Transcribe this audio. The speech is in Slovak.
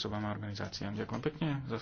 osobám a organizáciám. Ďakujem pekne. za.